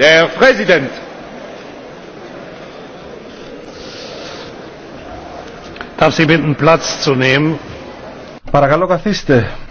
Der Präsident. Darf Sie bitten, Platz zu nehmen. Παρακαλώ καθίστε.